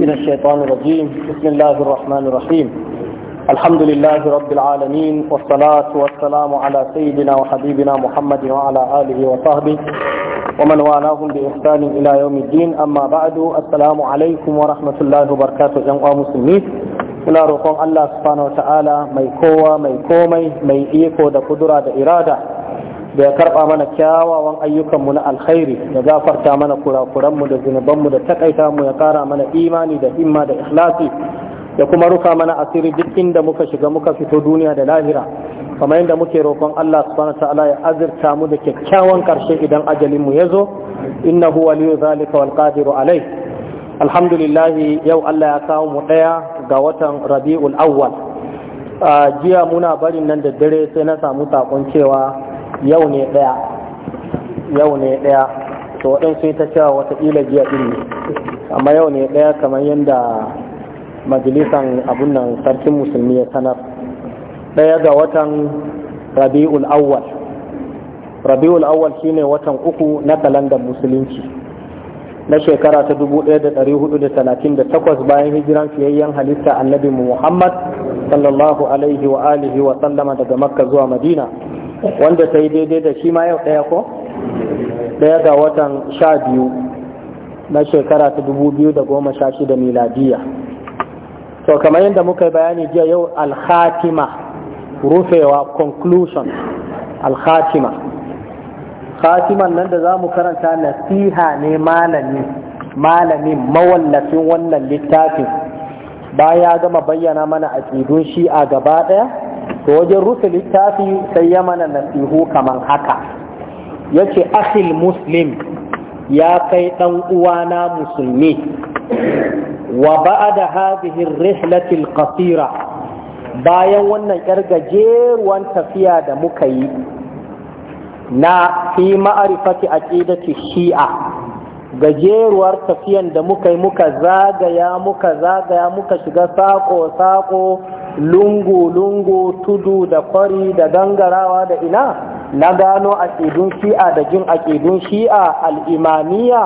من الشيطان الرجيم بسم الله الرحمن الرحيم الحمد لله رب العالمين والصلاة والسلام على سيدنا وحبيبنا محمد وعلى آله وصحبه ومن والاهم بإحسان إلى يوم الدين أما بعد السلام عليكم ورحمة الله وبركاته جمع مسلمين إلى رقم الله سبحانه وتعالى ta'ala mai kowa mai komai mai iko da ya karba mana kyawawan ayyukan mu na alkhairi da gafarta mana kurakuranmu da zunubanmu da takaita mu ya kara mana imani da himma da ikhlasi ya kuma rufa mana asiri duk inda muka shiga muka fito duniya da lahira kamar yadda muke roƙon Allah subhanahu ta'ala ya azurta mu da kyakkyawan karshe idan ajalin mu yazo innahu waliyyu zalika wal qadiru alai alhamdulillah yau Allah ya kawo mu daya ga watan Rabiul Awwal jiya muna barin nan da dare sai na samu takon cewa yau ne ɗaya yau ne ɗaya to waɗansu sai ta cewa watakila jiya ɗin ne amma yau ne ɗaya kamar yadda majalisan abun nan sarkin musulmi ya sanar ɗaya ga watan rabi'ul awwal rabi'ul awwal shine watan uku na kalandar musulunci na shekara ta 1438 bayan hijiran fiyayyen halitta annabi muhammad sallallahu alaihi wa alihi wa sallama daga makka zuwa madina wanda ta yi daidai da shi ma yau ɗaya ko ɗaya ga watan sha biyu na shekara ta dubu biyu da goma sha shida miladiya to kamar yadda muka yi bayani jiya yau alhatima rufewa conclusion alhatima khatiman nan da za mu karanta nasiha ne malami malamin mawallafin wannan littafin baya gama bayyana mana aƙidun shi a gaba ɗaya to wajen rufe littafi sai ya mana nasihu kaman haka yace akhil muslim ya kai dan uwana musulmi wa ba'da hadhihi ar-rihlati al-qasira bayan wannan yar gajeruwan tafiya da muka yi na fi ma'arifati aqidati shi'a gajeruwar tafiyan da muka yi muka zagaya muka zagaya muka shiga sako-sako lungu-lungu tudu da kwari da gangarawa da ina na gano aƙidun shi'a da jin aƙidun shi'a al'imamiya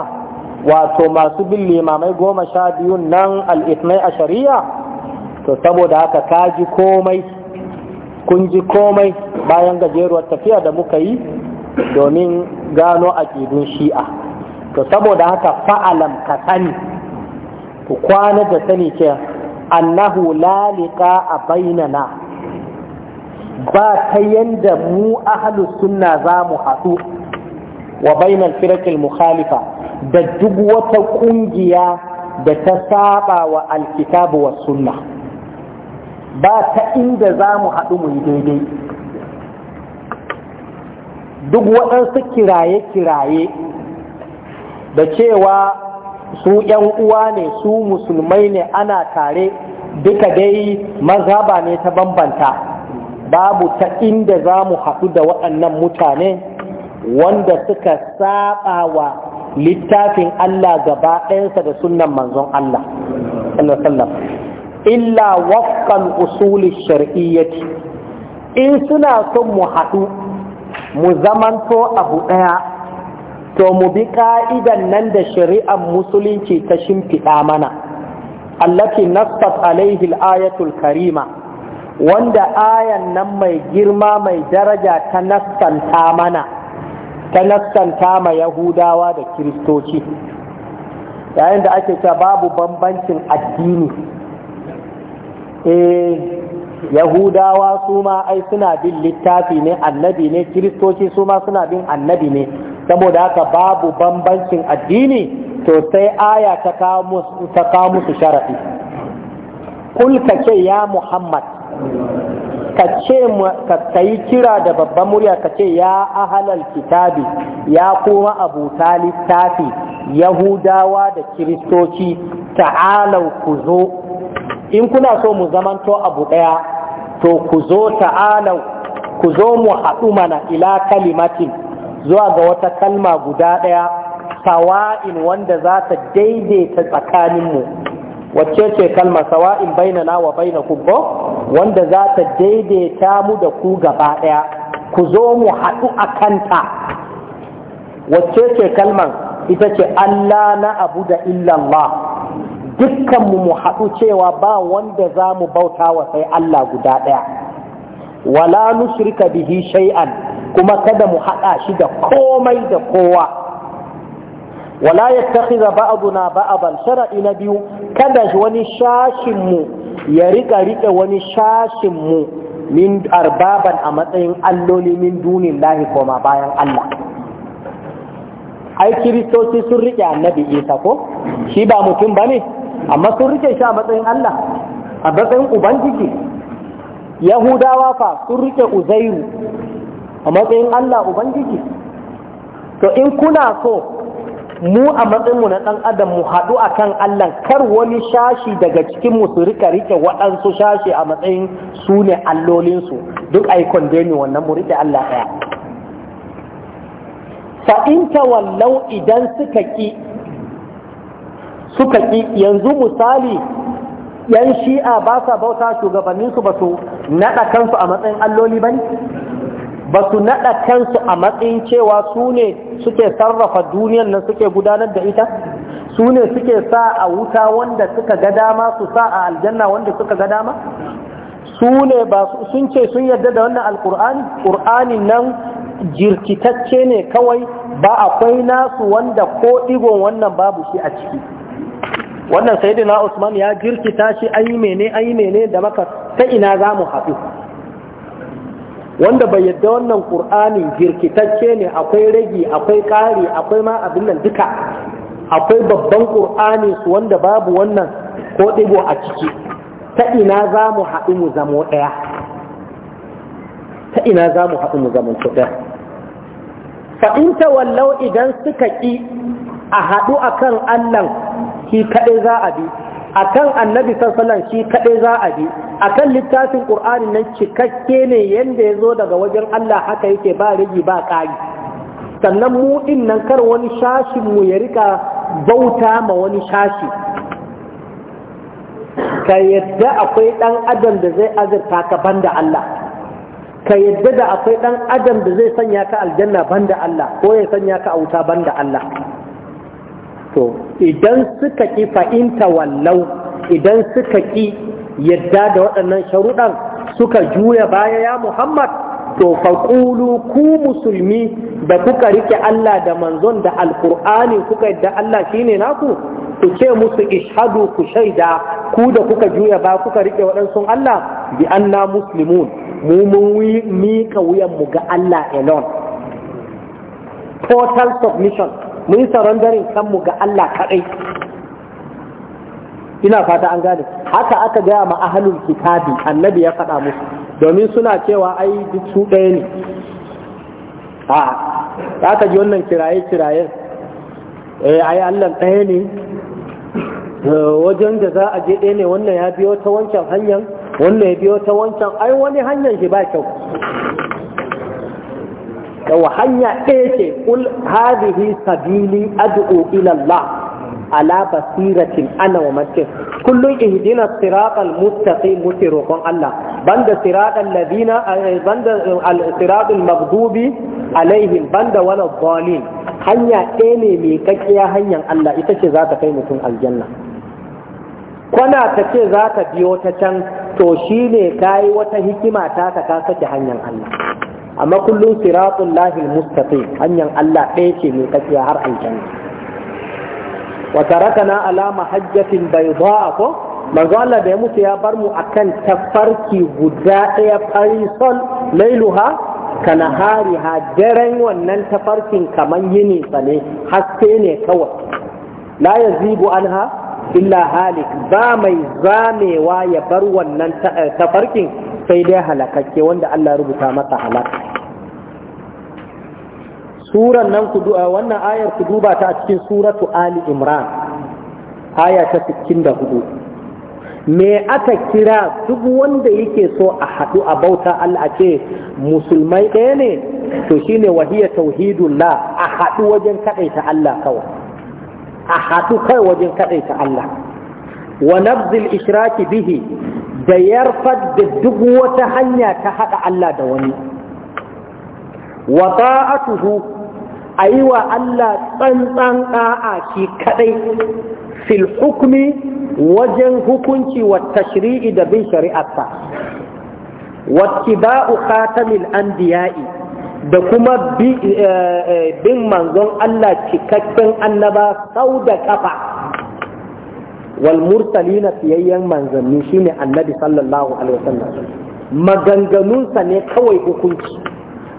wato masu bin limamai goma sha biyu nan al'ismai a shari'a to saboda haka ka ji komai kun ji komai bayan gajeruwar tafiya da muka yi domin gano aƙidun shi'a to saboda haka fa'alam ka sani ku kwana da sani ce annahu lalika a bainana ba ta yanda mu ahlus sunna za mu haɗu wa bainal firakil mukhalifa da duk wata ƙungiya da ta saba wa alkitabu wa sunna ba ta inda za mu haɗu mu yi daidai duk waɗansu kiraye-kiraye da cewa su ‘yan uwa ne su musulmai ne ana tare duka dai mazhaba ne ta bambanta babu ta inda za mu haɗu da waɗannan mutane wanda suka saba wa littafin Allah gaba ɗayansa da sunan manzon Allah illa wafkan usuli shari'iyyati in suna son mu haɗu mu zamanto abu ɗaya to mu bi ka'idan nan da shari'ar musulunci ta shimfiɗa mana allati nasfat alaihi ayatul karima wanda ayan nan mai girma mai daraja ta nassanta mana ta nassanta ma yahudawa da kiristoci yayin da ake cewa babu bambancin addini eh yahudawa su ma ai suna bin littafi ne annabi ne kiristoci su ma suna bin annabi ne saboda haka babu bambancin addini to sai aya ta kawo musu sharafi kul ka ce ya muhammad ka ce ka yi kira da babban murya ka ce ya ahalal kitabi ya kuma abuta littafi yahudawa da kiristoci ta'alau ku zo in kuna so mu zamanto abu ɗaya to ku zo ta'alau ku zo mu haɗu mana ila kalimatin zuwa ga wata kalma guda ɗaya sawa'in wanda za ta daidaita tsakaninmu wacce ce kalma sawa'in bainana wa baina kubbo wanda za ta daidaita mu da ku gaba ɗaya ku zo mu haɗu a kanta wacce ce kalman ita ce Allah na abu da illallah dukkanmu mu haɗu cewa ba wanda za mu bauta wa sai Allah guda ɗaya wala nushrika bihi shay'an kuma kada mu haɗa shi da komai da kowa wala ya da ba'aduna ba'dan shar'i na biyu kada wani shashin mu ya rika rike wani shashin mu min arbaban a matsayin alloli min dunin lahi koma bayan Allah ai kiristoci sun riƙe annabi Isa ko shi ba mutum ne? amma sun riƙe shi a matsayin Allah a matsayin ubangiji yahudawa fa sun riƙe uzairu a matsayin Allah Ubangiji to in kuna so mu a matsayinmu na ɗan adam mu haɗu a kan Allah kar wani shashi daga cikin mu su rika rike waɗansu shashi a matsayin su ne allolinsu duk a yi wannan mu rike Allah ɗaya fa'in wallau idan suka ƙi suka ƙi yanzu misali ‘yan shi'a ba sa bauta shugabanninsu ba su naɗa kansu a matsayin alloli ba ne ba su naɗa kansu a matsayin cewa su ne suke sarrafa duniyar nan suke gudanar da ita su ne suke sa a wuta wanda suka ga dama su sa a aljanna wanda suka ga dama su ne ba sun ce sun yarda da wannan alkur'ani ƙur'ani nan jirkitacce ne kawai ba akwai nasu wanda ko ɗigon wannan babu shi a ciki wannan sayyidina usman ya jirkita shi ayi mene ayi mene da maka ta ina za mu haɗu wanda bai yadda wannan qur'anin jirkitacce ne akwai ragi akwai ƙari akwai ma abin nan duka akwai babban ƙur'ani su wanda babu wannan ko ɗigo a ciki ta ina za mu haɗu mu zamo ɗaya ta ina za mu haɗu mu zamo ɗaya fa in wallau idan suka ƙi a haɗu akan Allah shi kaɗai za a bi akan annabi sallallahu shi kaɗai za a bi akan littafin ƙur'ani nan cikakke ne yadda ya zo daga wajen Allah haka yake ba rigi ba kari sannan mu ɗin nan kar wani shashin mu ya rika bauta ma wani shashi ka yadda akwai dan adam da zai azurta ka ban da Allah ka yadda da akwai ɗan adam da zai sanya ka aljanna ban da Allah ko ya sanya ka a auta da Allah to idan suka ƙi fa'inta wallau idan suka ƙi yadda da waɗannan sharuɗan suka juya baya ya Muhammad to faƙulu ku musulmi da kuka rike Allah da manzon da alƙur'ani kuka yadda Allah shine naku ku ce musu ishadu ku shaida ku da kuka juya ba kuka rike waɗansu Allah bi anna muslimun mu mun miƙa mu ga Allah alone total submission Mun yi sarandarin kanmu ga Allah kaɗai ina fata an gane haka aka gaya ma ahalul kitabi annabi ya faɗa musu domin suna cewa ai duk su ɗaya ne a za ka ji wannan kiraye kiraye eh ai Allah ɗaya ne eh, wajen da za a je ɗaya ne wannan ya biyo ta wancan hanyar wannan ya biyo ta wancan ai wani hanyar shi ba kyau yawa hanya ɗaya ce kul hadhihi sabili ad'u ila Allah ala basiratin ana wa mace kullun ihdina siratal mustaqim muke Allah banda siratal ladina eh, banda eh, siratal maghdubi alaihim banda wala dhalin hanya ɗaya ne mai kakkiya hanyar Allah ita ce za ta kai mutum aljanna kwana ta ce za ta biyo ta can to shine kayi wata hikima ta ka sake hanyar Allah amma kullum siratul lahil mustaqim hanyar Allah ɗaya ce mai tafiya har aljanna wa tarakana ala mahajjatin bayda ko manzo Allah da ya mutu ya bar mu akan tafarki guda ɗaya farisol lailuha kana hari ha daren wannan tafarkin kaman yini tsane haske ne kawai la yazibu anha illa halik ba mai zamewa ya bar wannan eh, tafarkin sai dai halakakke wanda Allah rubuta masa halaka suran nan ku eh, wannan ayar ku duba ta a cikin suratu ali imran aya ta 64 me aka kira duk wanda yake so a haɗu a bauta Allah ce musulmai ɗaya ne to shine wahiya tauhidullah a haɗu wajen kaɗaita Allah kawai a haɗu kai wajen kaɗaita Allah wa nabzil ishraki bihi da yarfar da duk wata hanya ta haɗa Allah da wani wa ta'atuhu a yi wa Allah tsantsan ɗa'a ki kaɗai fil hukmi wajen hukunci wa tashri'i da bin shari'arsa wattiba'u khatamil anbiya'i da kuma eh, eh, bin manzon Allah cikakken annaba sau da kafa wal mursalina fiyayyen manzanni shine annabi sallallahu alaihi wasallam maganganunsa ne kawai hukunci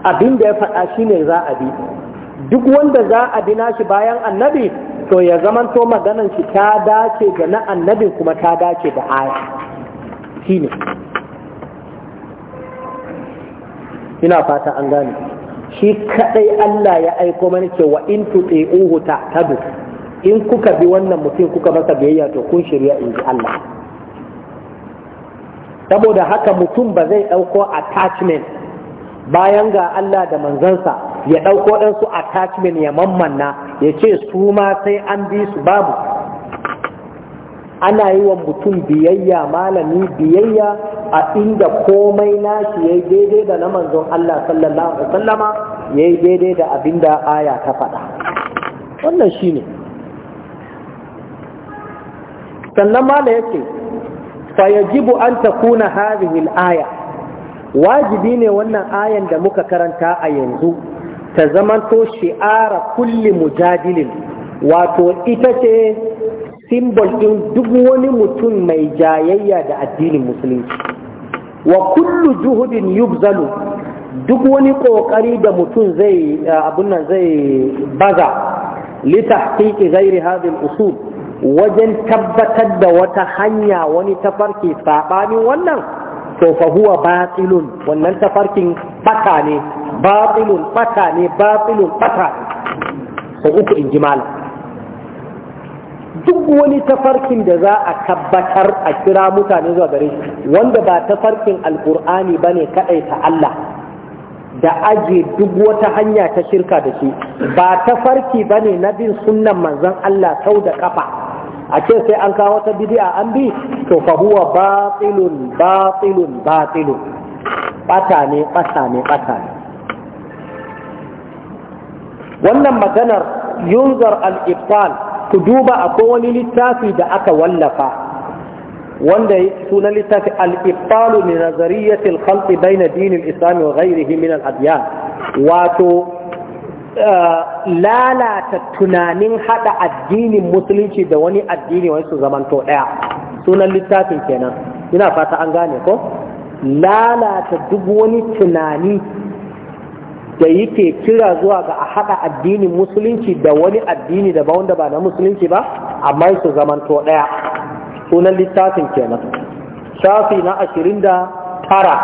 abin da ya faɗa shine za a bi duk wanda za a bi nashi bayan annabi to ya zamanto maganan shi ta dace da na annabi kuma ta dace da aya shine ina fata an gane shi kadai Allah ya aiko mana cewa in ta tabu in kuka bi wannan mutum kuka masa biyayya to kun shirya in ji Allah saboda haka mutum ba zai ɗauko attachment bayan ga Allah da manzansa ya ɗauko ɗansu attachment ya mammanna ya ce su ma sai an bi su babu ana yi wa mutum biyayya malami biyayya a inda komai nashi ya yi daidai da na manzon Allah sallallahu alaihi wasallama ya yi daidai da abin da aya ta faɗa wannan shi ne sannan mala ya ce fayajibu an ta kuna al-aya wajibi ne wannan ayan da muka karanta a yanzu ta zamanto shi'ara kulli mujadilin wato ita ce simbol ɗin duk wani mutum mai jayayya da addinin musulunci wa kullu juhudin yubzalu duk wani ƙoƙari da mutum zai abunan zai baza litahqiqi ghairi hadhihi usul wajen tabbatar da wata hanya wani tafarki saɓanin wannan to fa huwa batilun wannan tafarkin ɓata ne batilun fata ne batilun fata sau uku in ji malam duk wani tafarkin da za a tabbatar a kira mutane zuwa gare shi wanda ba tafarkin alkur'ani ba ne ta Allah da aje duk wata hanya ta shirka da shi ba tafarki bane ne na bin sunnan manzon Allah sau da kafa a ce sai an kawo ta bidi'a an bi to fa huwa batilun batilun batilun ne ne wannan maganar yunzar al ku duba akwai wani littafi da aka wallafa wanda sunan littafi al-ibtal min nazariyat al dinin bayna din al wa ghayrihi min al wato eh, lalata tunanin hada addinin musulunci da wani addini wani su zamanto daya sunan littafin kenan ina fata an gane ko lalata duk wani tunani da yake kira zuwa ga a haɗa addinin musulunci da wani addini da ba wanda ba na musulunci ba amma su zamanto ɗaya sunan littafin kenan shafi na ashirin da tara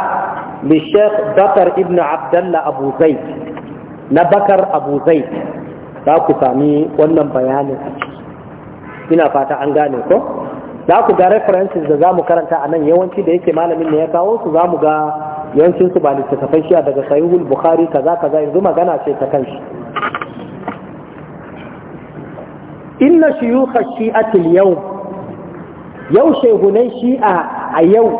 da sheikh bakar ibn abdallah abu zaid na bakar abu zaid za ku sami wannan bayanin ina fata an gane ko za ku ga references da za mu karanta a nan yawanci da yake malamin ne ya kawo su za mu ga yawancin su ba littattafai shi daga sahihul bukhari kaza kaza yanzu magana ce ta kanshi inna shuyukha shi'atil yau yau shehunan shi'a a yau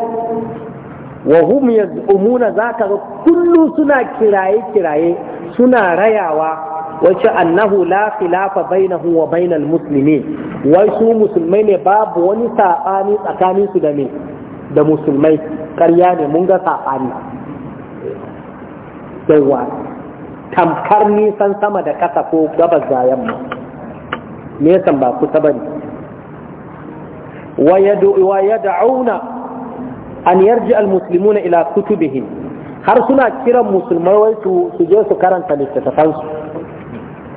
wa hum yaz'umuna zaka ga kullu suna kiraye kiraye suna rayawa wace annahu la khilafa bainahu wa bainal muslimin wai su musulmai ne babu wani sabani tsakaninsu da me da musulmai karya ne mun ga saɓani yawa tamkar nisan sama da ƙasa ko gabas da yamma nesan ba kusa ba ne wa ya da'auna an yarji al-muslimuna ila kutubihim har suna kiran musulmai wai su je su karanta littattafansu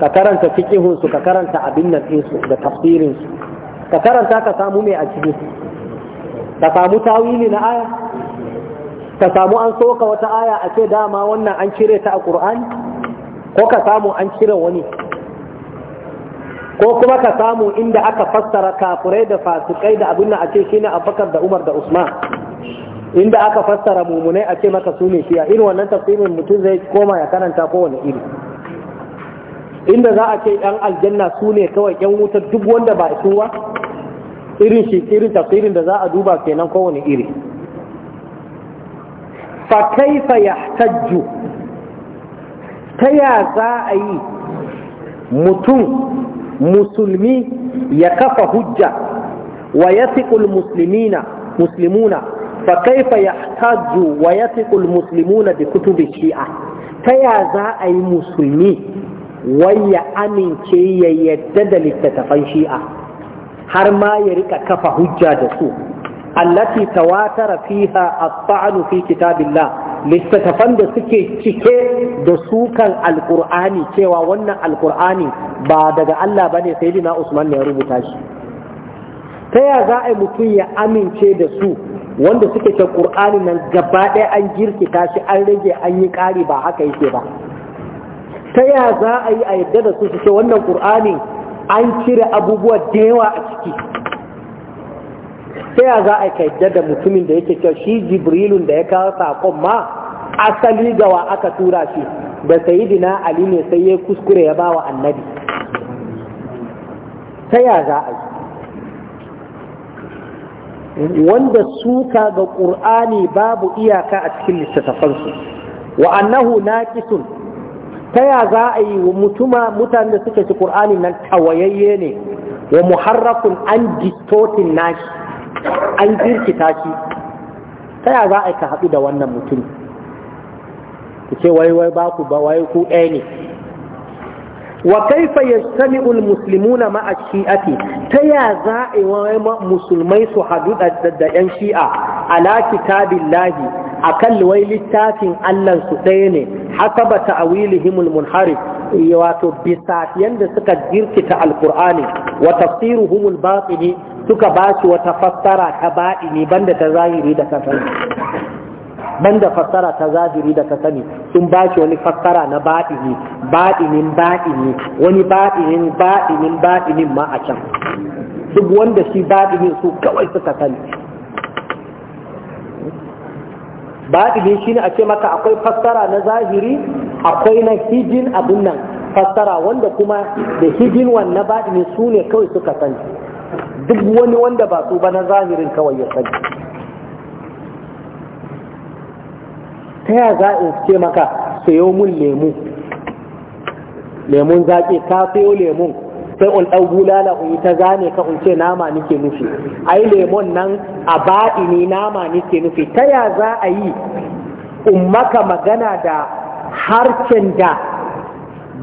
ka karanta fikihunsu ka karanta abin nan ɗinsu da tafsirinsu ka karanta ka samu mai a ciki ka samu tawili na aya ka samu an soka wata aya a ce dama wannan an cire ta a Kur'ani? ko ka samu an cire wani ko kuma ka samu inda aka fassara kafurai da fasikai da abin a ce shine Abakar da umar da usman inda aka fassara mumunai a ce maka su ne shiya irin wannan tafsirin mutum zai koma ya karanta kowane iri inda za a ce yan aljanna su ne kawai yan wuta duk wanda ba su ba irin shi irin tafsirin da za a duba kenan kowane iri fa kaifa yahtajju ta ya za a yi mutum musulmi ya kafa hujja wa yasiqul muslimina muslimuna fa kaifa yahtajju wa yasiqul muslimuna bi kutubi shi'a ta ya za a yi musulmi wai ya amince ya yadda da littattafan shi'a har ma ya rika kafa hujja da su allati tawatara fiha at-ta'nu fi kitabillah littattafan da suke cike da sukan alqur'ani cewa wannan alqur'ani ba daga Allah bane sayyidina Usman ne ya rubuta shi ta ya za a mutum ya amince da su wanda suke ce qur'ani nan gaba ɗaya an girkita shi an rage an yi ƙari ba haka yake ba ta ya za a yi a yadda da su suke wannan qur'ani an cire abubuwa da yawa a ciki sai ya za a kai da mutumin da yake kyau shi jibrilun da ya kawo sakon ma asali gawa aka tura shi da sayidina ali ne sai ya kuskure ya bawa annabi sai ya za a yi wanda suka ga ƙur'ani babu iyaka a cikin littattafansu wa annahu naqisun ta ya za a yi wa mutuma mutanen da suke ci ƙur'ani nan tawayayye ne wa muharrafun an distortin nashi an jirkita shi ta ya za a yi ka haɗu da wannan mutum ku ce wai wai ba ku ba wai ku ɗaya ne wa kaifa yajtami'u almuslimuna ma'a shi'ati ta ya za a musulmai su hadu da yan shi'a ala kitabillahi akan wai littafin Allah su ɗaya ne hasaba ta'wilihim almunharif eh, wato bisa yanda suka jirkita alqur'ani wa tafsiruhum albatini suka bashi wata fassara ta ba'ini banda ta zahiri da kasance banda fassara ta zahiri da ta sani sun ba shi wani fassara na baɗini baɗinin baɗini wani baɗinin baɗinin baɗinin ma a can duk wanda shi baɗinin su kawai suka sani baɗinin shi ne a ce maka akwai fassara na zahiri akwai na hijin abin nan fassara wanda kuma da hijin wannan baɗinin su ne kawai suka sani duk wani wanda ba su ba na zahirin kawai ya sani ta ya za in ce maka sayo mun lemu lemun zaƙi ka sayo lemun sai un ɗau bulala un yi ta zane ka un ce nama nike nufi ai lemun nan a baɗi ni nama nike nufi ta ya za a yi in maka magana da harcen da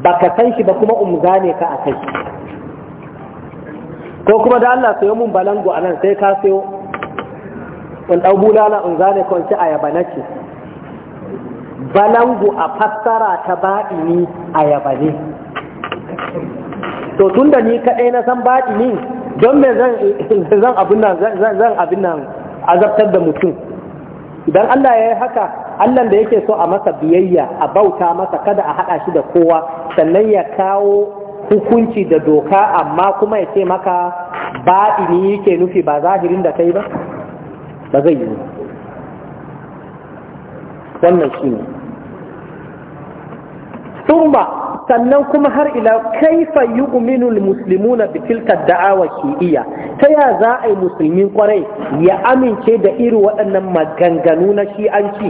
baka san shi ba kuma um zane ka a kai ko kuma da Allah sayo mun balango a nan sai ka sayo in ɗau bulala in zane ka un ce ayaba nake balangu a fassara ta baɗini a yaba to tun da ni kaɗai na san baɗini don me zan abin zan azabtar da mutum idan Allah ya yi haka Allah da yake so a masa biyayya a bauta masa kada a haɗa shi da kowa sannan ya kawo hukunci da doka amma kuma ya ce maka baɗini yake nufi ba zahirin da kai ba ba zai yi wannan shi ne thumma sannan kuma har ila kaifa yu'minul muslimuna bi tilka da'awa shi'iyya ta ya za a yi musulmin kwarai ya amince da irin waɗannan maganganu na shi'anci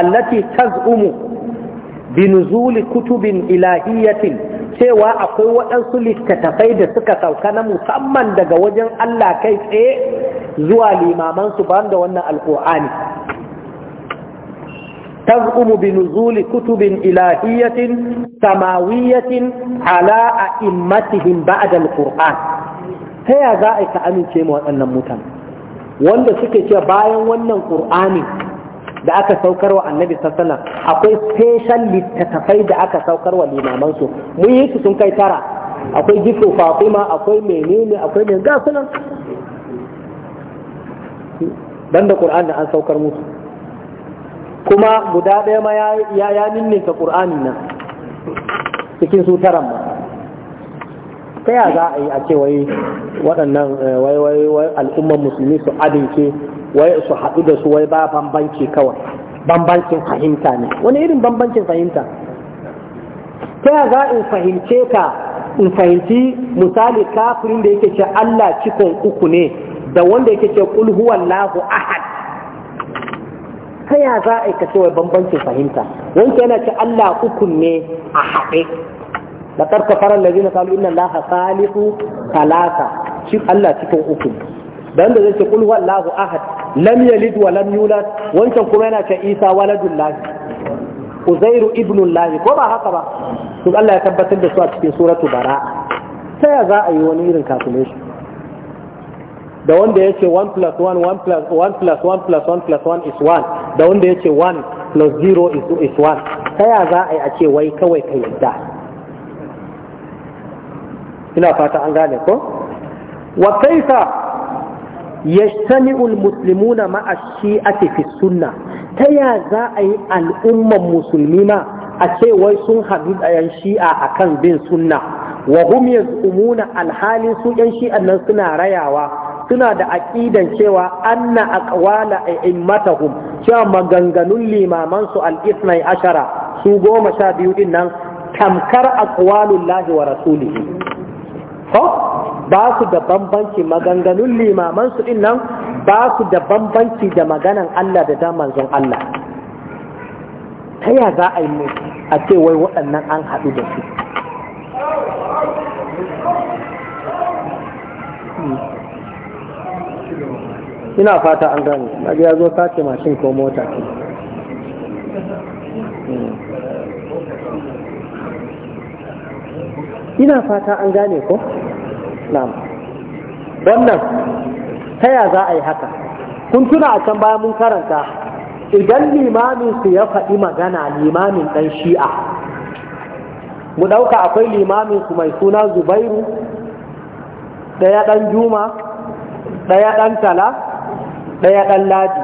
allati taz'umu bi nuzuli kutubin ilahiyatin cewa akwai waɗansu littattafai da suka sauka na musamman daga wajen Allah kai tsaye zuwa limaman su banda wannan alƙur'ani تزعم بنزول كتب إلهية سماوية على أئمتهم بعد القرآن هي ذلك أمين شيء وأن متن wanda suke cewa bayan wannan ƙur'ani da aka saukar wa annabi sassana akwai special littattafai da aka saukar wa limamansu mun yi su sun kai tara akwai gifo fatima akwai menene akwai ne ga sunan banda ƙur'an da an saukar musu kuma guda ɗaya ma ya ya ninninka ƙur'anin nan cikin su taran ma ta ya za a yi a ce wai waɗannan eh, wai al'ummar musulmi su adinke wai su haɗu da su wai ba bambanci kawai bambancin fahimta ne wani irin bambancin fahimta ta ya za in fahimce ka in fahimci misali kafirin da yake ce Allah cikon uku ne da wanda yake ce kul huwallahu ahad ta ya za a kace wai bambancin fahimta wanke yana ce Allah ukun ne a haɗe da tarka faran da zina kalu inna laha salihu talata shi Allah cikin ukun dan zai ce kul wallahu ahad lam yalid wa lam yulad wancan kuma yana ce Isa waladul lahi Uzairu ibnul lahi ko ba haka ba to Allah ya tabbatar da su a cikin suratu bara'a ta ya za a yi wani irin calculation da wanda ya ce 1 plus 1 plus 1 plus 1 plus 1 plus 1 is 1 da wanda ya ce 1 plus 0 is 1 ta ya za a yi a ce wai kawai ka yadda ina fata an gane ko wa kaifa yajtami'u al-muslimuna ma'a shi'ati fi suna ta ya za a yi al'umman musulmi ma a ce wai sun hadu da yan a kan bin suna, wa hum yaz'umuna alhalin su yan shi'an nan suna rayawa suna da aƙidan cewa anna aqwala a'immatahum cewa maganganun limaman su al ashara su goma sha biyu din nan tamkar aqwalullahi wa rasulihi ko ba su da bambanci maganganun limaman su din nan ba su da bambanci da maganan Allah da da manzon Allah ta ya za a yi a ce wai waɗannan an haɗu da su ina fata an gane na ya zo sace mashin ko mota ce hmm. ina fata an gane ko na'am wannan ta ya za a yi haka kun tuna a can bayan mun karanta idan limamin su ya faɗi magana limamin ɗan shi'a mu ɗauka akwai limamin su mai suna zubairu ɗaya ɗan juma ɗaya ɗan tala ɗaya ɗan ladi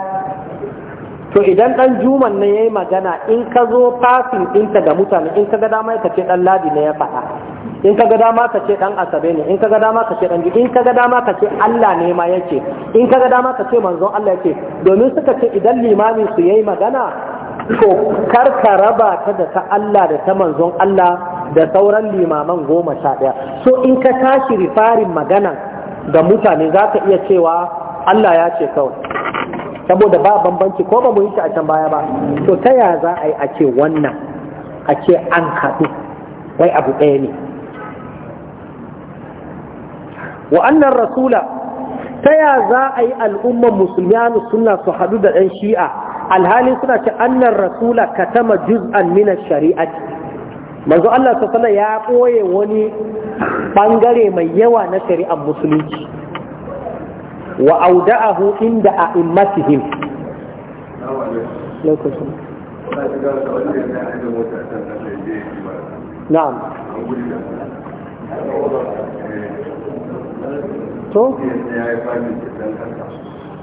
to idan ɗan juman ne ya yi magana in ka zo fasin ɗinta ga mutane in ka ga dama ka ce ɗan ladi ne ya faɗa in ka ga dama ka ce ɗan asabe ne in ka ga dama ka ce ɗan in ka ga dama ka ce Allah ne ma yake in ka ga dama ka ce manzon Allah yake domin suka ce idan limamin su yi magana to kar ka raba ta da ta Allah da ta manzon Allah da sauran limaman goma sha ɗaya so in ka tashi rifarin magana da mutane za ka iya cewa Allah ya ce kawai saboda ba bambanci ko ba mu yi shi a can baya ba to ta ya za a yi a ce wannan a ce an haɗu wai abu ɗaya ne wa annan rasula ta ya za a yi al'ummar musulmiyanu suna su haɗu da ɗan shi'a alhali suna ce annan rasula ka katama juz'an minar shari'ati manzo Allah sassana ya ɓoye wani ɓangare mai yawa na shari'ar musulunci wa auda'ahu inda a'immatihim lokacin to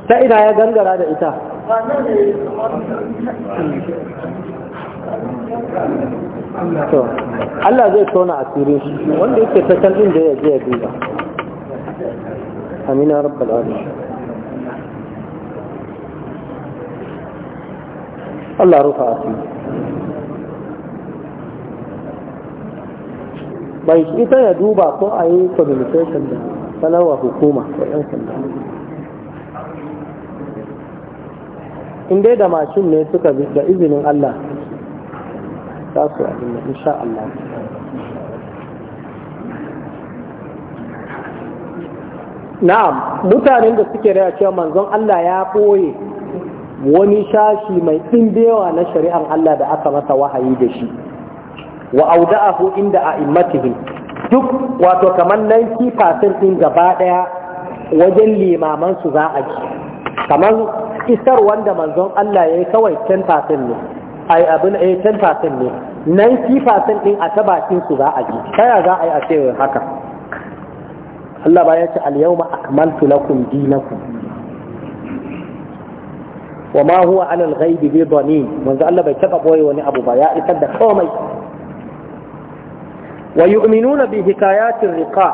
ta ina ya gangara da ita Allah zai tona a wanda yake ta can da ya je ya duba آمين يا رب العالمين الله رفع asiri. bai ita ya duba ko a yi communication da sanarwa hukuma ko 'yan sanda inda da mashin ne suka da izinin Allah za su abin da insha Allah na'am mutanen da suke raya cewa manzon Allah ya ɓoye wani shashi mai ɗimbewa na shari'an Allah da aka masa wahayi da shi wa auda'ahu inda a'immatihim duk wato kamar fasin din gaba daya wajen limaman su za a ji kamar isar wanda manzon Allah ya yi kawai fasin ne ai abin eh, ten fasin ne nan fasin din a ta bakin su za a ji kaya za a yi a ce haka Allah ba ya ce al-yawma akmaltu lakum dinakum wa ma huwa ala al-ghaibi bi dhanin manzo Allah bai taba boye wani abu ba ya isar da komai wa yu'minuna bi hikayatir riqa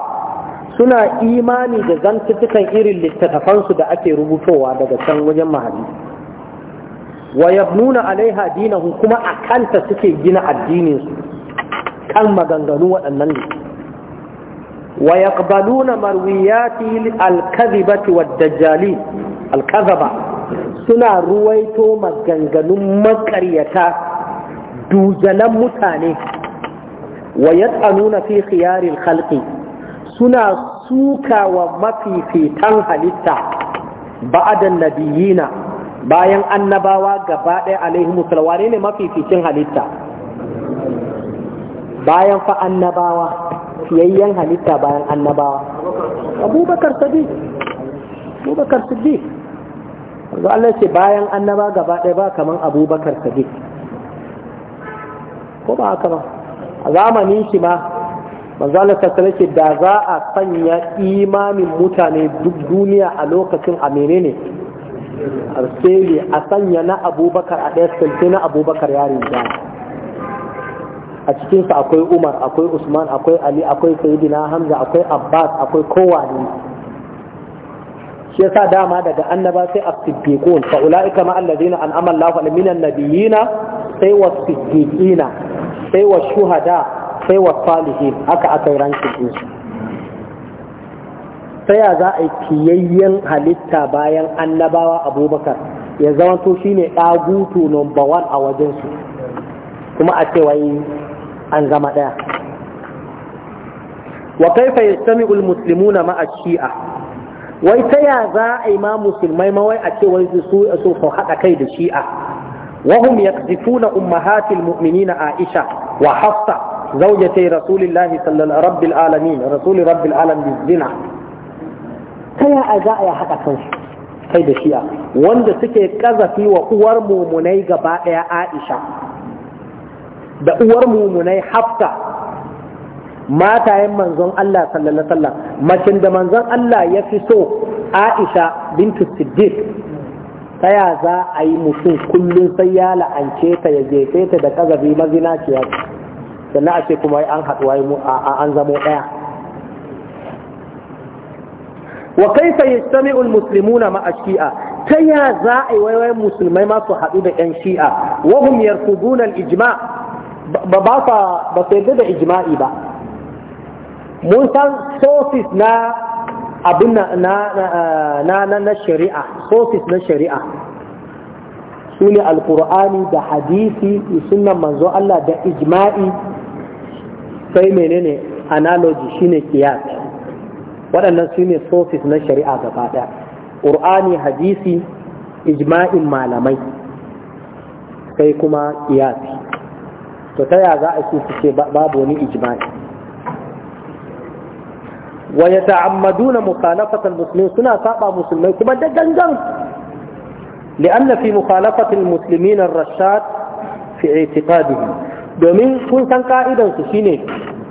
suna imani da zantukan irin littattafansu da ake rubutowa daga can wajen mahadi wa yabnuna alaiha dinahu kuma akanta suke gina addininsu kan maganganu waɗannan ne wa yaqbaluna marwiyati al-kadhibati wad-dajjali al-kadhaba suna ruwaito maganganun makaryata dujalan mutane wa yatsanuna fi khiyari al suna suka wa mafifitan halitta ba'adan nabiyina bayan annabawa gaba ɗaya alaihimu salware ne mafificin halitta bayan fa annabawa siyayyen halitta bayan annabawa abubakar sadiq abubakar sadiq wanzu Allah ce bayan annaba gaba ɗaya ba kamar abubakar sadiq ko ba haka ba a zamanin shi ma manzo Allah ta ce da za a sanya imamin mutane duk duniya a lokacin a menene a sanya na abubakar a ɗaya na abubakar yarin jami'a a cikinsa akwai umar akwai usman akwai ali akwai sayyidina hamza akwai abbas akwai kowa ne shi yasa dama daga annaba sai as-siddiqun fa ulaika ma alladhina an'ama Allahu alaihim minan nabiyina sai was-siddiqina sai was-shuhada sai was-salihin haka aka yi su sai ya za a yi kiyayyen halitta bayan annabawa abubakar ya zama to shine dagutu number 1 a wajen su kuma a ce an zama ɗaya wa kaifa yastami'u almuslimuna ma'a shi'a wai ta ya za a yi ma musulmai ma wai a ce wai su su haɗa kai da shi'a wahum yakzifuna ummahatil mu'minina aisha wa hafsa zawjatay rasulillahi sallallahu rabbil alamin rasul rabbil alamin bizina ta ya za a yi haɗa kansu kai da shi'a wanda suke kazafi wa uwar mumunai gaba ɗaya aisha da uwar mumunai hafsa matayen manzon Allah sallallahu alaihi wasallam macin da manzon Allah ya fi so Aisha bintu Siddiq ta ya za a yi mutum kullum sai ya la'ance ta ya jefe ta da kazabi mazinaciya sannan a ce kuma an haɗuwa an zamo ɗaya wa kaifa yastami'u sami muslimuna ma'a ta ya za a yi waiwai musulmai masu haɗu da 'yan shi'a wa hum al-ijma' ba ba sa ba da ijma'i ba mun san sosis na abin na na na na shari'a sosis na shari'a sune alqur'ani da hadisi da sunnan manzo Allah da ijma'i sai menene analogy shine qiyas waɗannan sune sosis na shari'a gaba ɗaya qur'ani hadisi ijma'in malamai sai kuma qiyasi to ta ya za a ce su ce babu wani ijma'i wa ya ta'ammaduna mukhalafatal muslimin suna saba musulmai kuma da gangan li'anna fi mukhalafatil muslimin ar-rashad fi i'tiqadihim domin kun san ka'idan su shine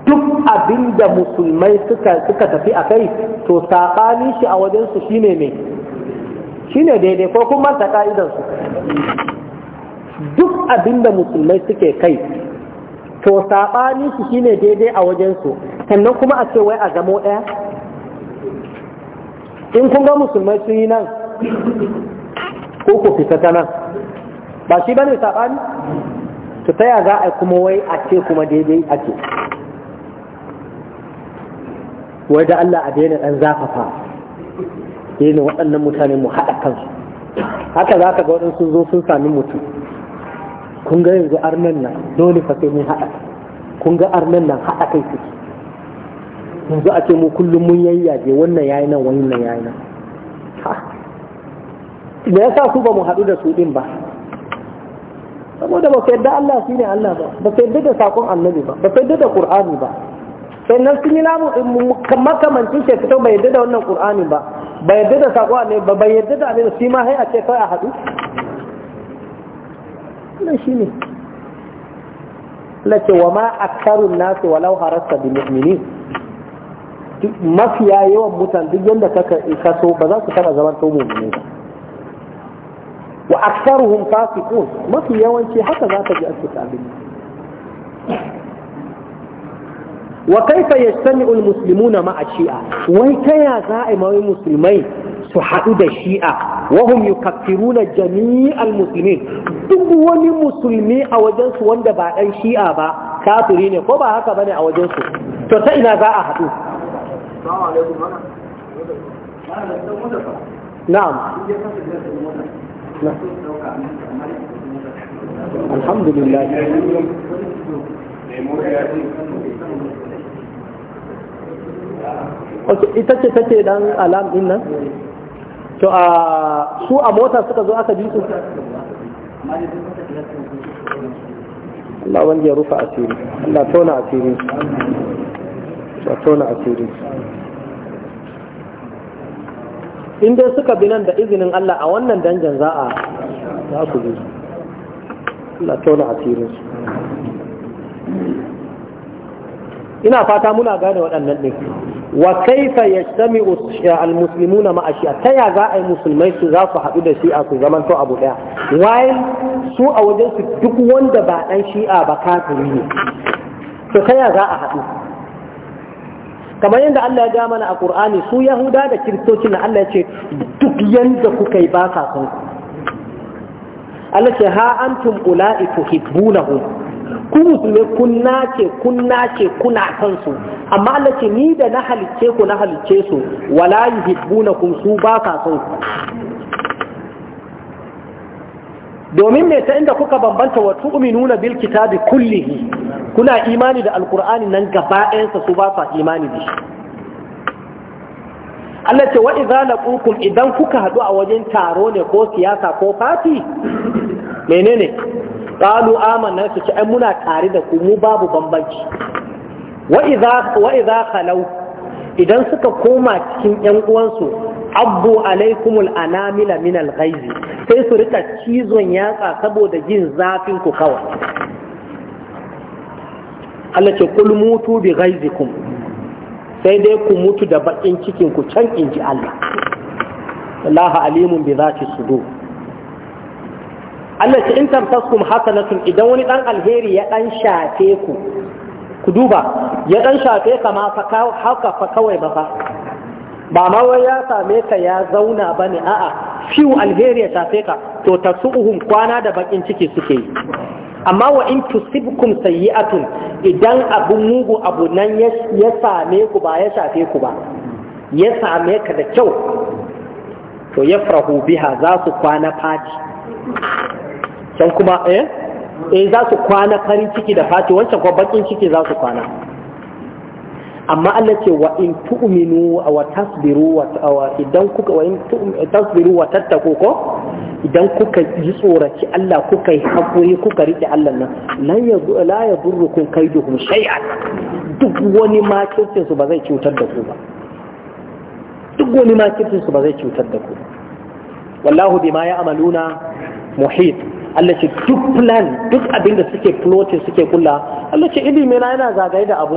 duk abin da musulmai suka suka tafi akai to sabani shi a wajen su shine me. shine daidai ko kuma ta ka'idan su duk abin da musulmai suke kai to saɓani su shine daidai a wajensu sannan kuma a ce wai a gamo ɗaya in kun ga musulmai sun yi nan ko ku fita ta nan ba shi bane saɓani to ta ya za a kuma wai a ce kuma daidai a ce wai da Allah a daina ɗan zafafa daina waɗannan mutane mu haɗa kansu haka za ka ga waɗansu zo sun sami mutum kun ga yanzu arnan nan dole fa sai mun haɗa kun ga arnan nan haɗa kai suke yanzu a ce mu kullum mun yayyaje wannan yayi nan wannan yayi nan me yasa su ba mu haɗu da su ɗin ba saboda ba su yadda Allah shi ne Allah ba ba su yadda da sakon annabi ba ba su yadda da Qur'ani ba sai nan sun yi lamu makamancin shi fito bai yadda da wannan Qur'ani ba bai yadda da sakon annabi ba bai yadda da abin su ma sai a ce kai a haɗu wannan shi ne lace wa ma akarun nasu walau harasta da mu'mini mafiya yawan mutan duk yadda ka so ba za su taba zama to mu'mini ba wa aksaruhum fasiqun mafi yawanci haka za ka ji ake abin wa kaifa yastami'u al-muslimuna ma'a shi'a wai ta ya za a yi musulmai su haɗu da shi'a wahum yukaffiruna jami'al muslimin duk wani musulmi a wajensu wanda ba ɗan shi'a ba kafiri ne ko ba haka bane a wajensu to ta ina za a haɗu na'am alhamdulillah ita ce take dan alam din nan to a su a mota suka zo aka ji su Allah wanda ya rufa asiri Allah tona asiri a tona asiri in dai suka bi nan da izinin Allah a wannan danjan za a za ku zo Allah tona asirin ina fata muna gane waɗannan ɗin wa kaifa yajtami al-muslimuna ma'a shi'a ta ya za a yi musulmai su za su haɗu da shi'a su zaman to abu ɗaya while su a wajen su duk wanda ba ɗan shi'a ba kafiri ne to ta ya za a haɗu kamar yadda Allah ya ga mana a Qur'ani su Yahuda da Kiristocin na Allah ya ce duk yanda kuka yi ba sa son Allah ce ha antum ula'i tuhibbunahum ku musulmi kun nace kun nace kuna san su amma Allah ce ni da na halicce ku na halicce su wala kum su ba ka son ku domin me ta inda kuka bambanta wa tu'minuna bil kitabi kullihi kuna imani da alqur'ani nan gaba ɗayansa su ba sa imani da shi Allah ce wa idza laqukum idan kuka hadu a wajen taro ne ko siyasa ko fati menene qalu na su ci ai muna tare da ku mu babu bambanci wa idza wa idan suka koma cikin yan uwansu abbu alaikumul anamila min alghaizi sai su rika cizon yatsa saboda jin zafin ku kawai Allah ce kul mutu bi ghaizikum sai dai ku mutu da bakin cikin ku can inji Allah Allah alimun bi zati sudur Allah ce in tamtaskum hasanatun idan wani dan alheri ya dan shafe ku ku duba ya dan shafe ka ma fa haka fa kawai ba fa ba ma wai ya same ka ya zauna bane a'a fiu alheri ya shafe ka to tasuhum kwana da bakin ciki suke yi amma wa in tusibkum sayyi'atun idan abu mugu abu nan ya same ku ba ya shafe ku ba ya same ka da kyau to yafrahu biha za su kwana fati can kuma eh? eh za su kwana farin ciki da fati wancan kuma bakin ciki za su kwana amma Allah ce wa in tu'minu wa tasbiru wa idan kuka wa in tasbiru wa tattaku ko idan kuka yi tsoraci Allah kuka yi hakuri kuka rike Allah nan lan yazu la yadurrukum kaiduhum shay'an duk wani ma kirkin su ba zai cutar da ku ba duk wani ma kirkin su ba zai cutar da ku wallahu bima amaluna muhit Allah ce duk plan duk abin da suke plotin suke kula Allah ce ilimi na yana zagaye da abu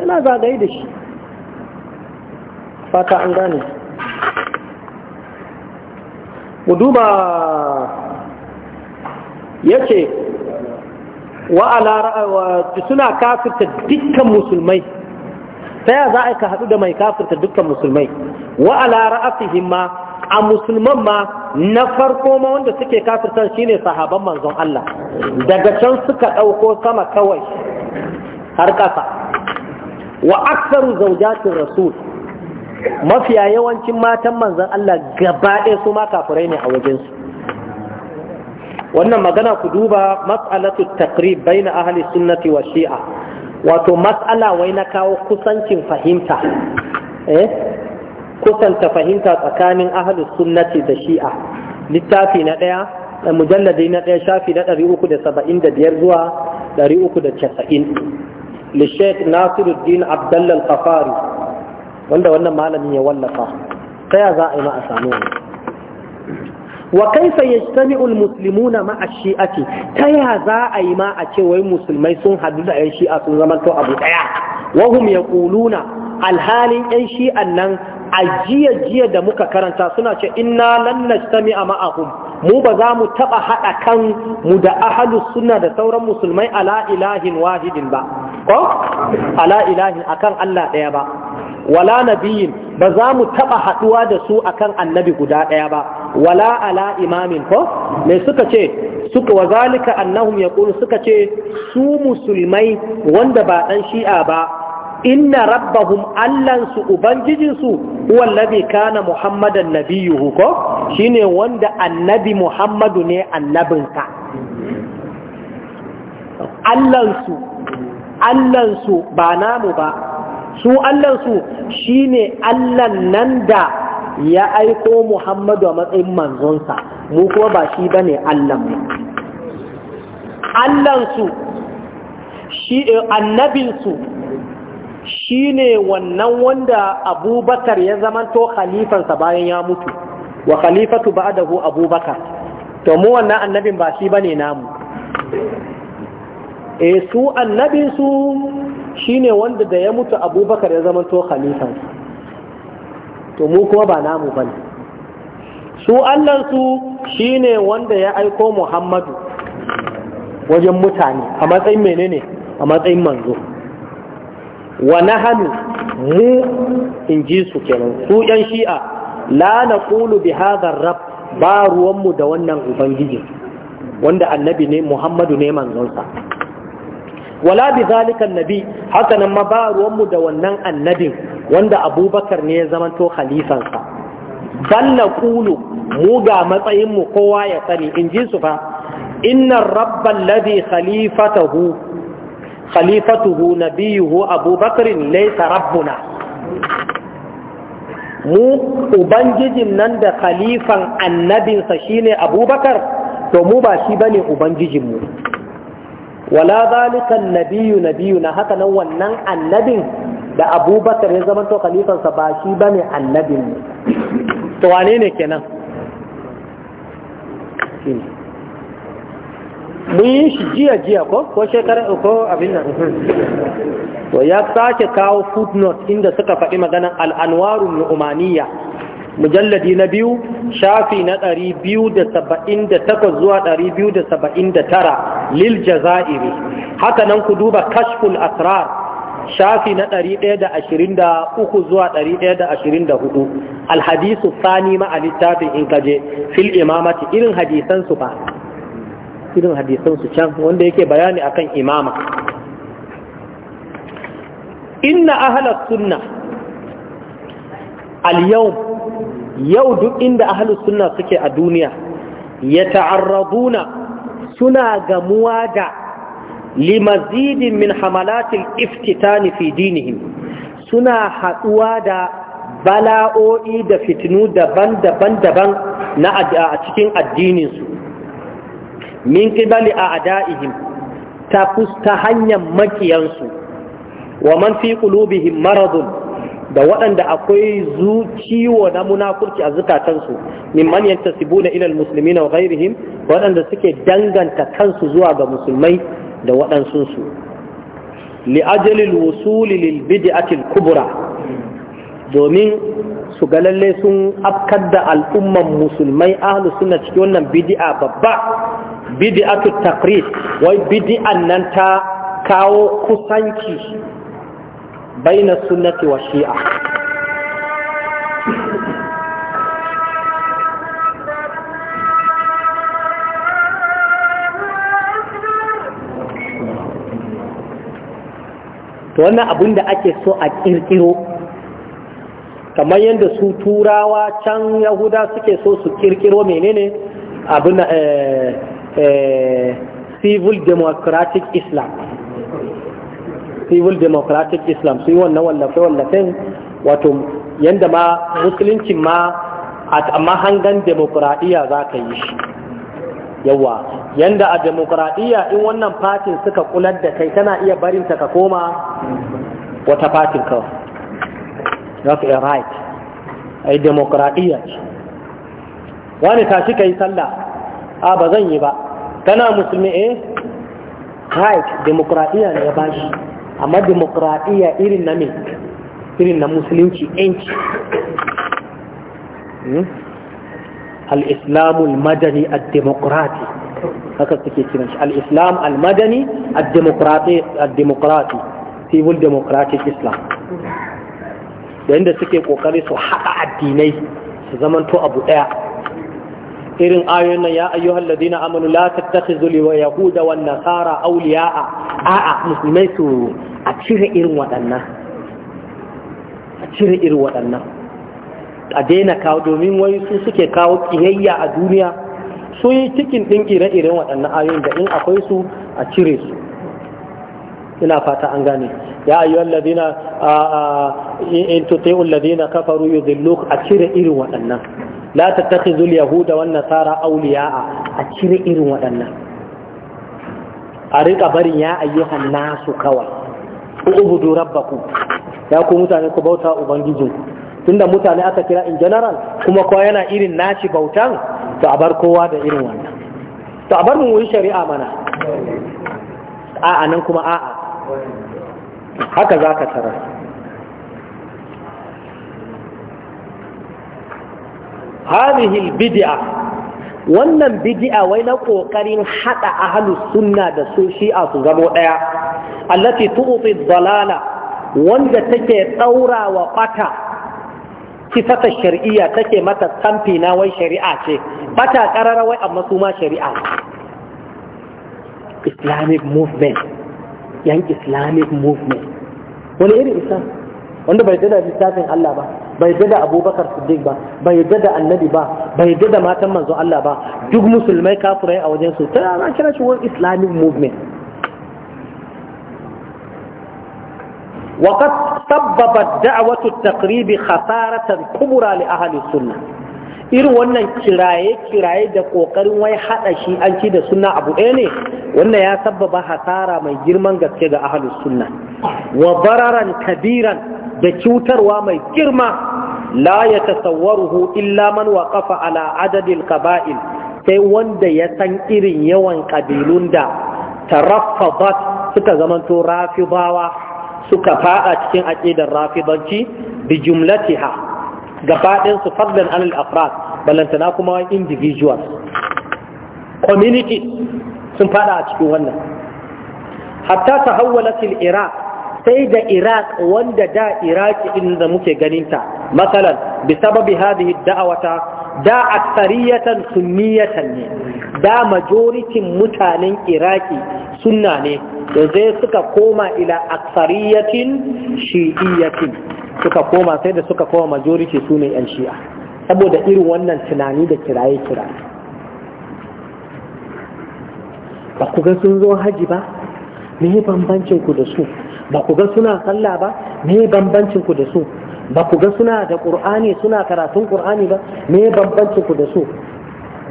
yana zagaye da shi fata an gane mu duba ya ce wa suna kafirta dukkan musulmai ta ya za a ka haɗu da mai kafirta dukkan musulmai wa ala ra'asihim ma a musulman ma na farko ma wanda suke kafirtan shine sahaban manzon Allah daga can suka ɗauko sama kawai har ƙasa wa aksaru zaujatin rasul mafiya yawancin matan manzon Allah gaba ɗaya su ma kafirai ne a wajensu wannan magana ku duba mas'alatu taqrib baina ahli sunnati wa shi'a wato mas'ala wai na kawo kusancin fahimta eh kusanta fahimta tsakanin ahlus sunnati da shi'a littafi na ɗaya da mujalladi na ɗaya shafi na ɗari uku da saba'in da biyar zuwa ɗari uku da casa'in lishek nasiruddin abdallal kafari wanda wannan malamin ya wallafa ta ya za a yi ma a samu wani wa kaifa yajtami'u almuslimuna ma'a shi'ati ta ya za a yi ma a ce wai musulmai sun hadu da yan shi'a sun zama to abu daya wa hum yaquluna alhalin yan shi'an nan a jiya da muka karanta suna ce inna lan najtami ma'ahum mu ba za mu taɓa haɗa kan mu da ahlus suna da sauran musulmai ala ilahin wahidin ba ko ala ilahin akan Allah ɗaya ba wala nabiyin ba za mu taba haɗuwa da su akan annabi guda ɗaya ba wala ala imamin ko me suka ce suka wazalika annahum yaqulu suka ce su musulmai wanda ba dan shi'a ba inna rabbahum allansu ubangijinsu wallazi kana muhammadan nabiyuhu ko shine wanda annabi muhammadu ne annabinsa allansu allansu ba namu ba su allansu shine allan nan da ya aiko muhammadu a matsayin manzonsa mu kuma ba shi bane allan mu allansu shi eh, annabinsu Shi ne wannan wanda abubakar ya zamanto khalifansa bayan ya mutu wa khalifatu ba'dahu abubakar to mu wannan annabin ba shi bane namu e su annabin su ne wanda da ya mutu abubakar ya zamanto khalifansa to mu kuma ba namu bane su Allah su ne wanda ya aiko Muhammadu wajen mutane a matsayin menene a matsayin manzo wa nahanu mu in ji su kenan su yan shi'a la naqulu bi hadha rabb ba ruwanmu da wannan ubangiji wanda annabi ne Muhammadu ne manzonsa wala bi zalika annabi haka nan ma ba ruwanmu da wannan annabin wanda abubakar ne ya zamanto khalifansa bal ƙulu mu ga matsayin mu kowa ya sani in ji su fa inna rabbal ladhi khalifatahu khalifatuhu nabiyuhu abubakarin laisa rabbuna mu ubangijin nan da khalifan annabinsa shine abubakar to mu ba shi bane mu wala zalika nabiyu nabiyu na haka nan wannan annabin da abubakar ya zama to khalifansa ba shi bane annabinmu to wane ne kenan shine mun yi shi jiya jiya ko ko shekara ko abin nan to ya sake kawo footnote inda suka faɗi maganan al'anwarun nu'umaniya mujalladi na biyu shafi na ɗari biyu da saba'in da takwas zuwa ɗari biyu da saba'in da tara lil jaza'iri haka nan ku duba kashful asrar shafi na ɗari ɗaya da ashirin da uku zuwa ɗari ɗaya da ashirin da hudu alhadisu sani ma littafin in kaje fil imamati irin hadisan su ba tafsirin hadisansu can wanda yake bayani akan imama inna ahlus sunna al yau yau duk inda ahlus sunna suke a duniya ya suna gamuwa da limazidin min hamalatil iftitani fi dinihim suna haɗuwa da bala'o'i da fitinu daban-daban daban na a cikin addininsu min qibali a'da'ihim ta fuska hanyar makiyansu wa man fi qulubihim maradun da waɗanda akwai zuciwo na munafurci a zukatansu min man yantasibuna ila almuslimina wa ghairihim waɗanda suke danganta kansu zuwa ga musulmai da waɗansu su li ajali alwusuli lil bid'ati kubra domin su lalle sun afkadda al'umma al'umman musulmai ahlu suna cikin wannan bidi'a babba bidi'atu taqrid wai bidi'an nan kawo kusanci baina sunnati wa shi'a to wannan abin ake so a kirkiro kamar yadda su turawa can yahuda suke so su kirkiro menene abin eh, eh, civil democratic islam civil democratic islam su yi wannan wallafe-wallafen wato yadda ma musuluncin ma a mahangan demokuraɗiyya za ka yi shi yawa yanda a demokuraɗiyya in wannan fatin suka kular da kai tana iya barinta ka koma wata fatin kawai za ka iya right ai demokradiyya ce wani tashi ka yi sallah a ba zan yi ba Tana musulmi eh right demokradiyya ne ya bashi amma demokradiyya irin na me irin na musulunci yanci hmm? al-islamu al-madani al-demokrati haka suke kiran shi al-islam al-madani al-demokrati civil democratic islam da inda suke kokari su haɗa addinai su zamanto abu ɗaya irin ayoyin nan ya ayyuha ladina amanu la tattakhidhu wa yahuda wan nasara awliya'a a'a musulmai su a cire irin waɗannan a cire irin waɗannan a daina kawo domin wai su suke kawo kiyayya a duniya su yi cikin ɗin ire-iren waɗannan ayoyin da in akwai su a cire su ina fata an gane ya ayyuhal ladina in tuti'u alladina kafaru yudhilluk a cire irin waɗannan la tattakhizul yahuda wan nasara awliya'a a cire irin waɗannan a riƙa barin ya ayyuhan nasu kawai ubudu rabbakum ya ku mutane ku bauta ubangijinku tunda mutane aka kira in general kuma kowa yana irin nashi bautan to a bar kowa da irin wannan to a bar mu yi shari'a mana a'a nan kuma a'a haka za ka tarar hadihil bid'a wannan Bidi'a wai na kokarin hada ahlus sunna da su shi'a su zamo ɗaya. allati tu'ti dalala wanda take daura wa bata kisata shari'a take mata tamfi na wai shari'a ce bata karara wai amma su shari'a islamic movement yan islamic movement wani irin isa wanda bai da littafin Allah ba bai da abubakar siddiq ba bai da annabi ba bai da matan manzo Allah ba duk musulmai kafirai a wajen su ta za kira shi wani islamic movement وقد سببت دعوة التقريب خسارة كبرى لأهل السنة irin wannan kiraye-kiraye da ƙoƙarin wai haɗa shi an ci da suna abu ɗaya ne wannan ya sababa hasara mai girman gaske ga ahalus sunna wa bararan kabiran da cutarwa mai girma la ya tasawwaruhu illa man waqafa ala adadil qaba'il sai wanda ya san irin yawan kabilun da taraffadat suka zamanto rafibawa suka faɗa cikin aqidar rafibanci bi jumlatiha gabaɗin su fadlan alal afrad ballantana kuma individual community sun fada a cikin wannan hatta ta hawwalatil iraq sai da iraq wanda da iraki da muke ganinta matsalan bi sababi hadhihi da'awata da aksariyatan sunniyatan ne da majoritin mutanen iraki sunna ne zai suka koma ila aksariyatin shi'iyatin suka koma sai da suka koma majority su ne 'yan shi'a saboda irin wannan tunani da kiraye-kiraye ba ku ga sun zo haji ba me bambancin ku da su ba ku ga suna sallah ba me bambancin ku da su ba ku ga suna da qur'ani suna karatun qur'ani ba me bambancin ku da su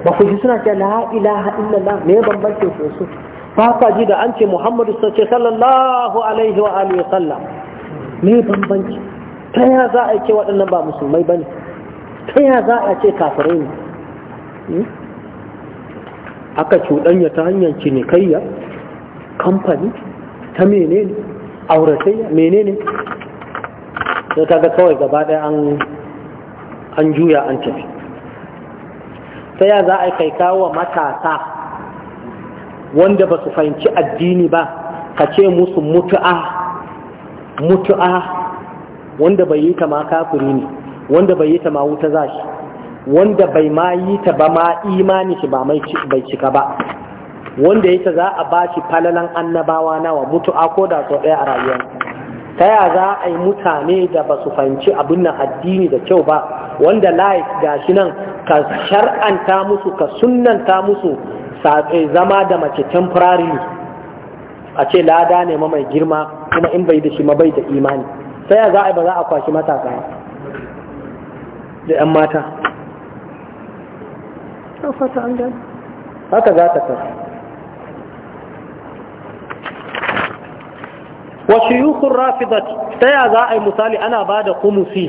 ba ku ji suna cewa la ilaha illallah me bambancin ku da su ba ku ji da an ce muhammadu sallallahu alaihi wa alihi wa sallam me bambancin ta ya za a ce waɗannan ba musulmai ba ne ta ya za a ce kafirai ne hmm? aka cuɗanya ta hanyar cinikayya kamfani ta menene auratayya menene sai ta ga kawai gaba ɗaya an juya an tafi ta ya za a kai kawo matasa wanda ba su fahimci addini ba ka ce musu mutu'a mutu'a wanda bai yi ta ma kafiri ne wanda bai yi ta ma wuta za shi wanda bai ma yi ta ba ma imani shi ba mai bai cika ba wanda ya ta za a ba shi falalan annabawa nawa mutu a da sau ɗaya a rayuwa ta ya za a yi mutane da ba su fahimci abin nan addini da kyau ba wanda laif shi nan ka shar'anta musu ka sunnanta musu eh, zama da mace temporary a ce lada ne ma mai girma kuma in bai da shi ma bai da imani sai ya za a ba za a kwashi matasa da 'yan mata haka za ta fata wa yukun rafidat ta ya za a yi misali ana ba da kumusi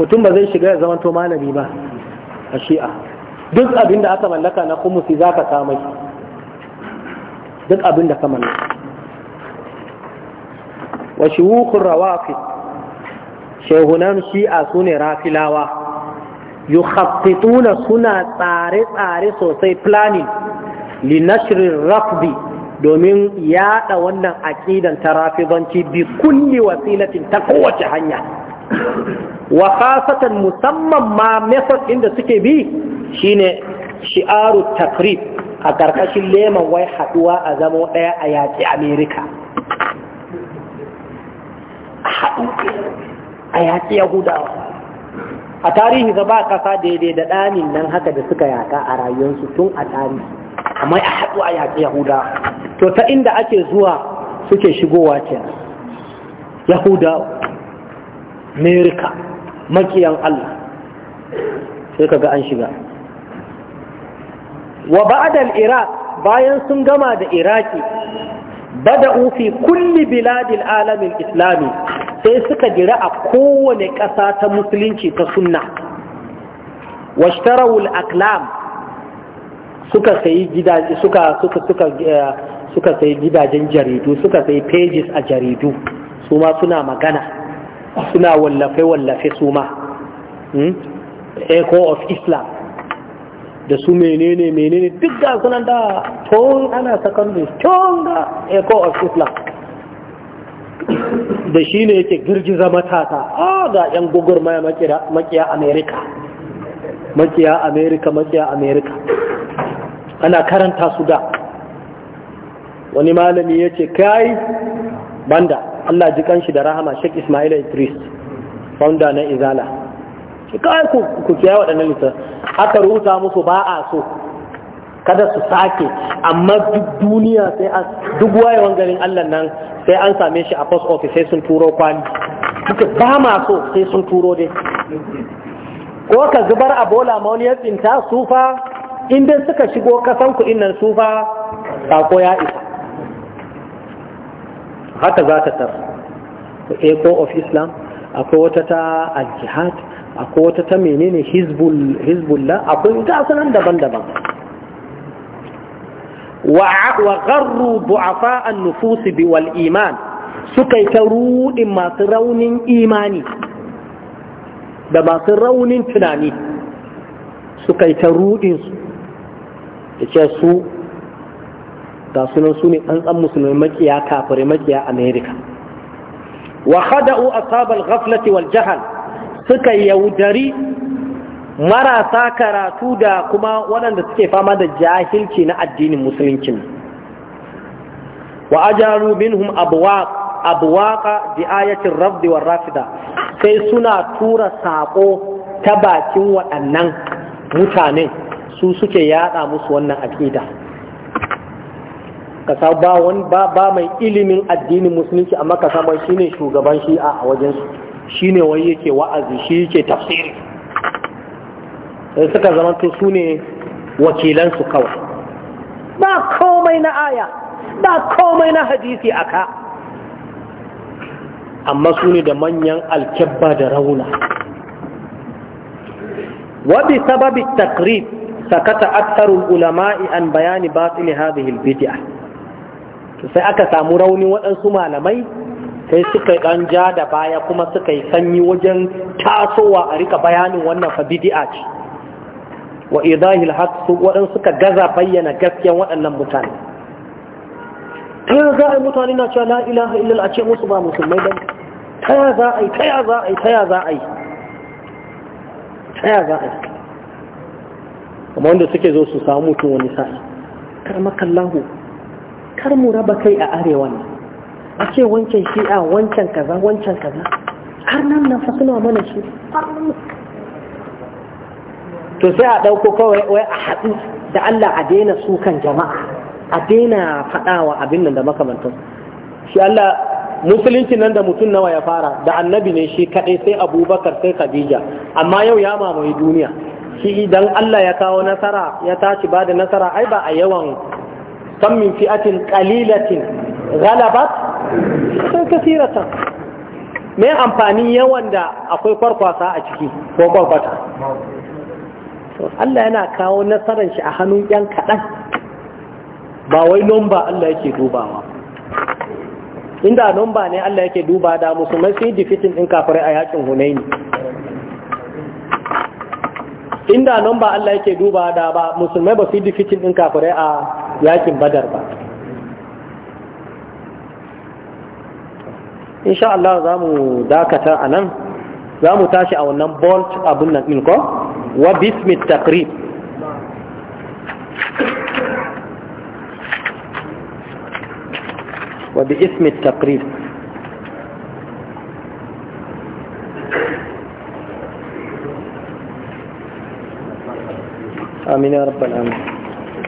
mutum ba zai shiga ya zama to malami ba a shi'a duk abinda aka mallaka na kumusi za ka samai duk abinda ka mallaka wa shuhukun rawafi shehunan shi'a su ne rafilawa yukhattituna suna tsare-tsare sosai planning linashirin rafdi domin yada wannan aƙidan ta rafibanci bi kulli wasilatin ta kowace hanya wa khasatan musamman ma method inda suke bi shine shi'aru takrib a ƙarƙashin leman wai haɗuwa a zamo ɗaya a yaƙi amerika a yaƙi yahudawa a tarihi ga ba ƙasa daidai da ɗamin nan haka da suka yaƙa a rayuwarsu tun a tarihi amma a haɗu a yaƙi yahudawa to ta inda ake zuwa suke shigowa kenan yahudawa amerika makiyan allah sai ga an shiga wa ba'dal iraq bayan sun gama da iraki bada ufi kulli biladil alamin islami sai suka jira a kowane ƙasa ta musulunci ta sunna washtarawul aklam suka sayi gidaje suka suka suka eh, suka sayi gidajen jaridu suka sayi pages a jaridu su ma suna magana suna wallafe wallafe su ma hmm? echo of islam da su menene menene duk da sunan da tun ana secondary tun da echo of islam da shi ne yake girgiza matasa a ga 'yan gugurmaya makiya amerika makiya amerika makiya amerika ana karanta su da wani malami ya ce kai banda allah ji kanshi da rahama sheik ismaila idris founder na izala shi kai ku kiyaye waɗannan lissa aka rusa musu ba a so kada su sake amma duk duniya sai an duk wayewan garin Allah nan sai an same shi a post office sai sun turo kwali duka ba ma so sai sun turo dai ko ka zubar a bola ma wani ya tsinta sufa in dai suka shigo kasan ku innan sufa sako ya isa haka za ta tar eco eh, of islam akwai wata ta al-jihad akwai wata ta menene hizbullah akwai ta sanan daban-daban wa gharru du'afa an-nufus wal iman suka yi ta ruɗin masu raunin imani da masu raunin tunani suka yi ta ruɗin su da ce su ga sunan su ne tsantsan musulmi makiya kafirai makiya america wa khada'u ashabal gaflati wal jahal suka yaudari marasa karatu da kuma waɗanda suke fama da jahilci na addinin musulunci wa ajaru minhum abwaqa bi ayatin rabbi war rafida sai suna tura sako ta bakin waɗannan mutanen su suke yada musu wannan aƙida ka ba ba ba mai ilimin addinin musulunci amma ka samu shine shugaban shi'a a wajensu shine wai yake wa'azi shi yake tafsiri Sai suka to su ne wakilansu kawai ba komai na aya ba komai na hadisi a amma su ne da manyan alkebba da rauna wabi sababi takrib sakata aktarun ulama'i an bayani ne hadhihi bid'a sai aka samu raunin waɗansu malamai sai suka ɗan ja da baya kuma suka yi sanyi wajen tasowa a rika bayanin wannan fa ce wa idahil haq su suka gaza bayyana gaskiyan waɗannan mutane ta yaya za a mutane na cewa la ilaha illal a ce musu ba musulmai ba ta za a yi ta yaya za a yi za a yi za a kuma wanda suke zo su samu mutum wani sa'i kar makallahu kar mu raba kai a arewa ne a ce wancan shi'a wancan kaza wancan kaza har nan na fa suna mana shi har nan to sai a ɗauko kawai wai a haɗu da Allah a daina su kan jama'a a daina faɗawa abin nan da makamantan shi Allah musulunci nan da mutum nawa ya fara da annabi ne shi kaɗai sai abubakar sai khadija amma yau ya mamaye duniya shi idan Allah ya kawo nasara ya tashi ba da nasara ai ba a yawan kan min fi'atin qalilatin ghalabat sai kasiratan me amfani yawan da akwai kwarkwasa a ciki ko kwarkwata Allah yana kawo nasarar shi a hannun yan kaɗan ba wai nomba Allah yake dubawa inda nomba ne Allah yake duba da musulmai sun yi difitin ɗin kafirai a yakin hunaini inda nomba Allah yake duba da ba musulmai ba su yi difitin ɗin kafirai a yakin badar ba insha Allah za mu dakata a nan za mu tashi a wannan bolt abin nan ɗin ko wa bismi takrib wa bi ismi takrib آمين يا رب العالمين